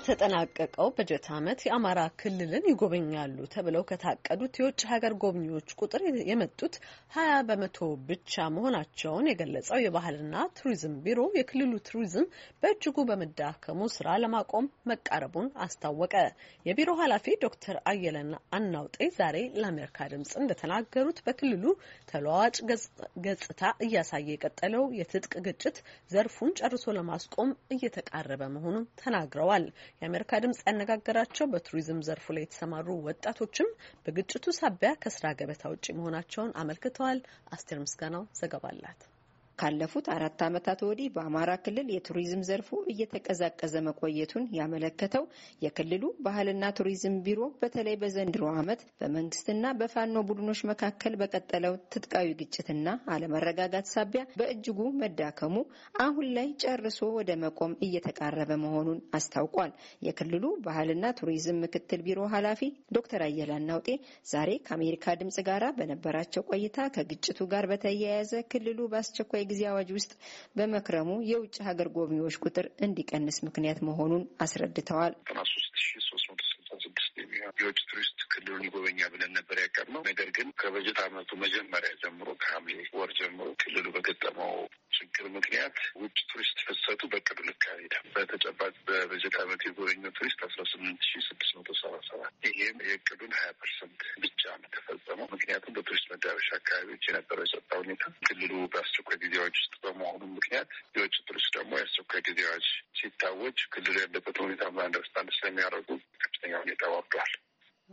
በተጠናቀቀው በጀት ዓመት የአማራ ክልልን ይጎበኛሉ ተብለው ከታቀዱት የውጭ ሀገር ጎብኚዎች ቁጥር የመጡት ሀያ በመቶ ብቻ መሆናቸውን የገለጸው የባህልና ቱሪዝም ቢሮ የክልሉ ቱሪዝም በእጅጉ በመዳከሙ ስራ ለማቆም መቃረቡን አስታወቀ። የቢሮ ኃላፊ ዶክተር አየለን አናውጤ ዛሬ ለአሜሪካ ድምጽ እንደተናገሩት በክልሉ ተለዋዋጭ ገጽታ እያሳየ የቀጠለው የትጥቅ ግጭት ዘርፉን ጨርሶ ለማስቆም እየተቃረበ መሆኑን ተናግረዋል። የአሜሪካ ድምጽ ያነጋገራቸው በቱሪዝም ዘርፉ ላይ የተሰማሩ ወጣቶችም በግጭቱ ሳቢያ ከስራ ገበታ ውጭ መሆናቸውን አመልክተዋል። አስቴር ምስጋናው ዘገባ አላት። ካለፉት አራት ዓመታት ወዲህ በአማራ ክልል የቱሪዝም ዘርፉ እየተቀዛቀዘ መቆየቱን ያመለከተው የክልሉ ባህልና ቱሪዝም ቢሮ በተለይ በዘንድሮ ዓመት በመንግስትና በፋኖ ቡድኖች መካከል በቀጠለው ትጥቃዊ ግጭትና አለመረጋጋት ሳቢያ በእጅጉ መዳከሙ አሁን ላይ ጨርሶ ወደ መቆም እየተቃረበ መሆኑን አስታውቋል። የክልሉ ባህልና ቱሪዝም ምክትል ቢሮ ኃላፊ ዶክተር አየላ ናውጤ ዛሬ ከአሜሪካ ድምጽ ጋራ በነበራቸው ቆይታ ከግጭቱ ጋር በተያያዘ ክልሉ በአስቸኳይ ጊዜ አዋጅ ውስጥ በመክረሙ የውጭ ሀገር ጎብኚዎች ቁጥር እንዲቀንስ ምክንያት መሆኑን አስረድተዋል። የውጭ ቱሪስት ክልሉን ይጎበኛ ብለን ነበር ያቀድነው። ነገር ግን ከበጀት ዓመቱ መጀመሪያ ጀምሮ ከሐምሌ ወር ጀምሮ ክልሉ በገጠመው ችግር ምክንያት ውጭ ቱሪስት ፍሰቱ በቅዱ ልክ በተጨባጭ በበጀት ዓመቱ የጎበኘው ቱሪስት አስራ ስምንት ሺ ስድስት መቶ ሰባ ሰባት ይህም የእቅዱን ሀያ ፐርሰንት ብቻ ነው የተፈጸመው። ምክንያቱም በቱሪስት መዳረሻ አካባቢዎች የነበረው የጸጥታ ሁኔታ ክልሉ በአስቸኳይ ጊዜዎች ውስጥ በመሆኑ ምክንያት የውጭ ቱሪስት ደግሞ የአስቸኳይ ጊዜዎች ሲታወጅ ክልሉ ያለበት ሁኔታ በአንደርስታንድ ስለሚያደርጉ ከፍተኛ ሁኔታ ወርዷል።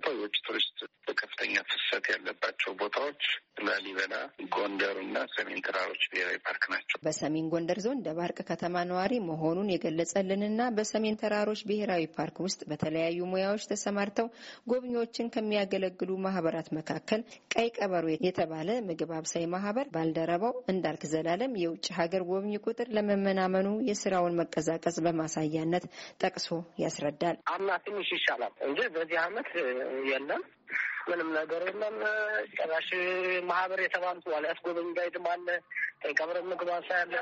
የውጭ ቱሪስት በከፍተኛ ፍሰት ያለባቸው ቦታዎች ላሊበላ፣ ጎንደር እና ሰሜን ተራሮች ብሔራዊ ፓርክ ናቸው። በሰሜን ጎንደር ዞን ደባርቅ ከተማ ነዋሪ መሆኑን የገለጸልንና በሰሜን ተራሮች ብሔራዊ ፓርክ ውስጥ በተለያዩ ሙያዎች ተሰማርተው ጎብኚዎችን ከሚያገለግሉ ማህበራት መካከል ቀይ ቀበሮ የተባለ ምግብ አብሳይ ማህበር ባልደረባው እንዳልክ ዘላለም የውጭ ሀገር ጎብኚ ቁጥር ለመመናመኑ የስራውን መቀዛቀዝ በማሳያነት ጠቅሶ ያስረዳል። አምና ትንሽ ይሻላል እንጂ በዚህ አመት የለም ምንም ነገር የለም። ጨራሽ ማህበር የተባሉ ዋልያት ያስጎበኝ ጋይድም አለ፣ ቀብረ ምግባሳ ያለ፣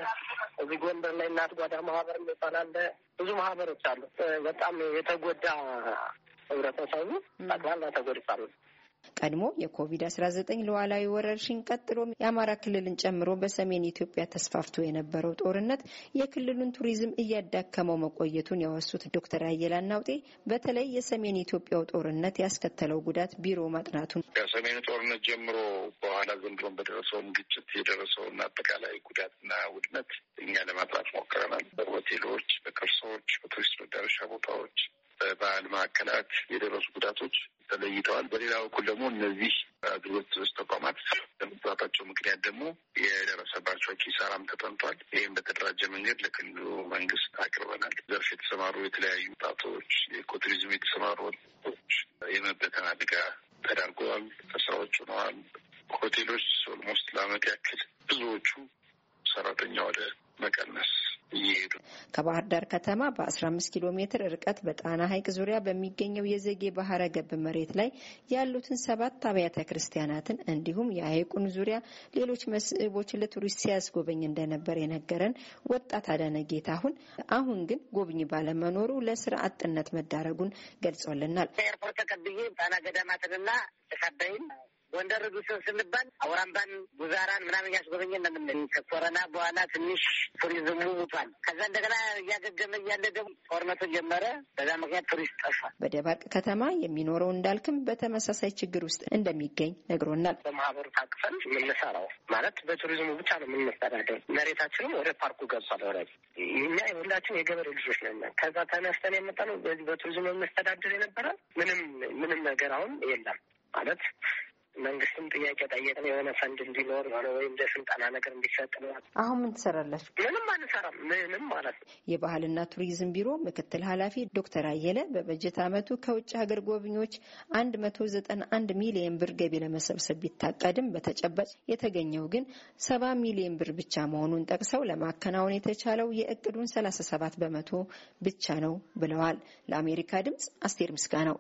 እዚህ ጎንደር ላይ እናት ጓዳ ማህበር የሚባል አለ። ብዙ ማህበሮች አሉ። በጣም የተጎዳ ህብረተሰቡ ጠቅላላ ተጎድቷል። ቀድሞ የኮቪድ-19 ሉዓላዊ ወረርሽኝ ቀጥሎ የአማራ ክልልን ጨምሮ በሰሜን ኢትዮጵያ ተስፋፍቶ የነበረው ጦርነት የክልሉን ቱሪዝም እያዳከመው መቆየቱን ያወሱት ዶክተር አየላ ናውጤ በተለይ የሰሜን ኢትዮጵያው ጦርነት ያስከተለው ጉዳት ቢሮ ማጥናቱን ከሰሜኑ ጦርነት ጀምሮ በኋላ ዘንድሮን በደረሰውን ግጭት የደረሰውን አጠቃላይ ጉዳትና ውድመት እኛ ለማጥራት ሞክረናል። በሆቴሎች፣ በቅርሶች፣ በቱሪስት መዳረሻ ቦታዎች በባህል ማዕከላት የደረሱ ጉዳቶች ተለይተዋል። በሌላ በኩል ደግሞ እነዚህ አገልግሎት ስ ተቋማት በመግባታቸው ምክንያት ደግሞ የደረሰባቸው ኪሳራም ተጠንቷል። ይህም በተደራጀ መንገድ ለክልሉ መንግስት አቅርበናል። ዘርፍ የተሰማሩ የተለያዩ ጣቶች ኢኮቱሪዝም የተሰማሩ ወጣቶች የመበተን አደጋ ተዳርገዋል። ከስራዎች ሆነዋል። ሆቴሎች ኦልሞስት ለአመት ያክል ብዙዎቹ ሰራተኛ ወደ መቀነስ እየሄዱ ከባህር ዳር ከተማ በ15 ኪሎ ሜትር ርቀት በጣና ሐይቅ ዙሪያ በሚገኘው የዘጌ ባህረ ገብ መሬት ላይ ያሉትን ሰባት አብያተ ክርስቲያናትን እንዲሁም የሐይቁን ዙሪያ ሌሎች መስህቦች ለቱሪስት ሲያስጎበኝ እንደነበር የነገረን ወጣት አዳነ ጌታሁን አሁን ግን ጎብኝ ባለመኖሩ ለስራ አጥነት መዳረጉን ገልጾልናል። ኤርፖርት ተቀብዬ ጣና ገዳማትንና ተቀባይም ጎንደር ዱስን ስንባል አውራምባን፣ ጉዛራን ምናምን እያስጎበኘ ነምን ከኮረና በኋላ ትንሽ ቱሪዝሙ ሙቷል። ከዛ እንደገና እያገገመ እያለ ደግሞ ጦርነቱ ጀመረ። በዛ ምክንያት ቱሪስት ጠፋል። በደባርቅ ከተማ የሚኖረው እንዳልክም በተመሳሳይ ችግር ውስጥ እንደሚገኝ ነግሮናል። በማህበሩ ታቅፈን የምንሰራው ማለት በቱሪዝሙ ብቻ ነው የምንስተዳደር። መሬታችንም ወደ ፓርኩ ገብሷል። ወረ እኛ የሁላችን የገበሬ ልጆች ነን። ከዛ ተነስተን የመጣ ነው በዚህ በቱሪዝም የምንስተዳደር የነበረ ምንም ምንም ነገር አሁን የለም ማለት መንግስትም ጥያቄ ጠየቅን። የሆነ ፈንድ እንዲኖር ሆነ ወይም እንደ ስልጠና ነገር እንዲሰጥ ነው። አሁን ምን ትሰራላችሁ? ምንም አንሰራም። ምንም ማለት ነው። የባህልና ቱሪዝም ቢሮ ምክትል ኃላፊ ዶክተር አየለ በበጀት አመቱ ከውጭ ሀገር ጎብኚዎች አንድ መቶ ዘጠና አንድ ሚሊየን ብር ገቢ ለመሰብሰብ ቢታቀድም በተጨባጭ የተገኘው ግን ሰባ ሚሊየን ብር ብቻ መሆኑን ጠቅሰው ለማከናወን የተቻለው የእቅዱን ሰላሳ ሰባት በመቶ ብቻ ነው ብለዋል። ለአሜሪካ ድምጽ አስቴር ምስጋ ነው።